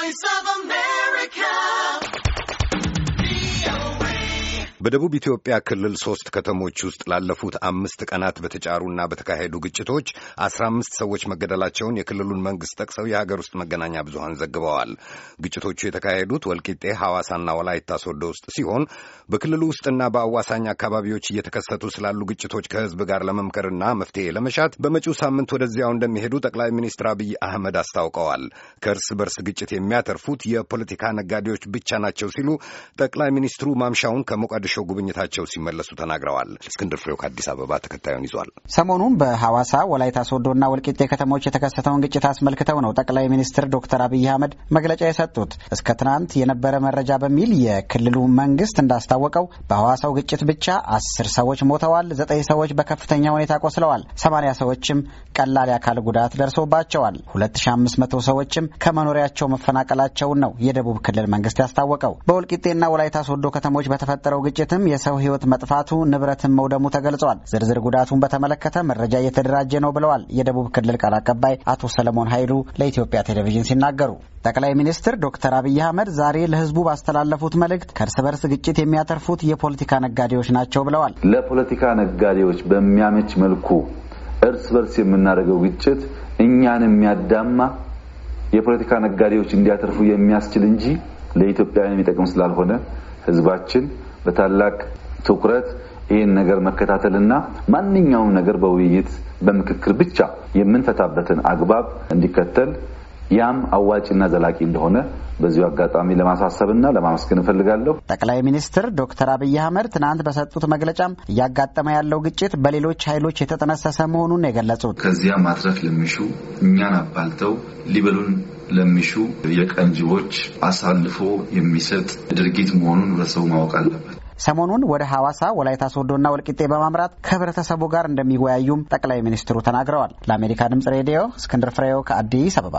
Voice of America በደቡብ ኢትዮጵያ ክልል ሶስት ከተሞች ውስጥ ላለፉት አምስት ቀናት በተጫሩና በተካሄዱ ግጭቶች አስራ አምስት ሰዎች መገደላቸውን የክልሉን መንግስት ጠቅሰው የሀገር ውስጥ መገናኛ ብዙሀን ዘግበዋል። ግጭቶቹ የተካሄዱት ወልቂጤ፣ ሐዋሳና ወላይታ ሶዶ ውስጥ ሲሆን በክልሉ ውስጥና በአዋሳኝ አካባቢዎች እየተከሰቱ ስላሉ ግጭቶች ከህዝብ ጋር ለመምከርና መፍትሄ ለመሻት በመጪው ሳምንት ወደዚያው እንደሚሄዱ ጠቅላይ ሚኒስትር አብይ አህመድ አስታውቀዋል። ከእርስ በርስ ግጭት የሚያተርፉት የፖለቲካ ነጋዴዎች ብቻ ናቸው ሲሉ ጠቅላይ ሚኒስትሩ ማምሻውን ከሞቃዲሾ ከመቀሌሾው ጉብኝታቸው ሲመለሱ ተናግረዋል። እስክንድር ፍሬው ከአዲስ አበባ ተከታዩን ይዟል። ሰሞኑን በሐዋሳ ወላይታ ሶዶና ወልቂጤ ከተሞች የተከሰተውን ግጭት አስመልክተው ነው ጠቅላይ ሚኒስትር ዶክተር አብይ አህመድ መግለጫ የሰጡት። እስከ ትናንት የነበረ መረጃ በሚል የክልሉ መንግስት እንዳስታወቀው በሐዋሳው ግጭት ብቻ አስር ሰዎች ሞተዋል፣ ዘጠኝ ሰዎች በከፍተኛ ሁኔታ ቆስለዋል፣ ሰማንያ ሰዎችም ቀላል የአካል ጉዳት ደርሶባቸዋል። 2500 ሰዎችም ከመኖሪያቸው መፈናቀላቸውን ነው የደቡብ ክልል መንግስት ያስታወቀው። በወልቂጤና ወላይታ ሶዶ ከተሞች በተፈጠረው ግጭት ግጭትም የሰው ሕይወት መጥፋቱ ንብረትም መውደሙ ተገልጿል። ዝርዝር ጉዳቱን በተመለከተ መረጃ እየተደራጀ ነው ብለዋል የደቡብ ክልል ቃል አቀባይ አቶ ሰለሞን ኃይሉ ለኢትዮጵያ ቴሌቪዥን ሲናገሩ ጠቅላይ ሚኒስትር ዶክተር አብይ አህመድ ዛሬ ለህዝቡ ባስተላለፉት መልእክት ከእርስ በርስ ግጭት የሚያተርፉት የፖለቲካ ነጋዴዎች ናቸው ብለዋል። ለፖለቲካ ነጋዴዎች በሚያመች መልኩ እርስ በርስ የምናደርገው ግጭት እኛን የሚያዳማ የፖለቲካ ነጋዴዎች እንዲያተርፉ የሚያስችል እንጂ ለኢትዮጵያውያን የሚጠቅም ስላልሆነ ህዝባችን በታላቅ ትኩረት ይህን ነገር መከታተልና ማንኛውም ነገር በውይይት በምክክር ብቻ የምንፈታበትን አግባብ እንዲከተል ያም አዋጭና ዘላቂ እንደሆነ በዚሁ አጋጣሚ ለማሳሰብና ለማመስገን እፈልጋለሁ። ጠቅላይ ሚኒስትር ዶክተር አብይ አህመድ ትናንት በሰጡት መግለጫም እያጋጠመ ያለው ግጭት በሌሎች ኃይሎች የተጠነሰሰ መሆኑን የገለጹት ከዚያ ማትረፍ ለሚሹ እኛን አባልተው ሊበሉን ለሚሹ የቀን ጅቦች አሳልፎ የሚሰጥ ድርጊት መሆኑን በሰው ማወቅ አለበት። ሰሞኑን ወደ ሐዋሳ፣ ወላይታ ሶዶና ወልቂጤ በማምራት ከህብረተሰቡ ጋር እንደሚወያዩም ጠቅላይ ሚኒስትሩ ተናግረዋል። ለአሜሪካ ድምጽ ሬዲዮ እስክንድር ፍሬው ከአዲስ አበባ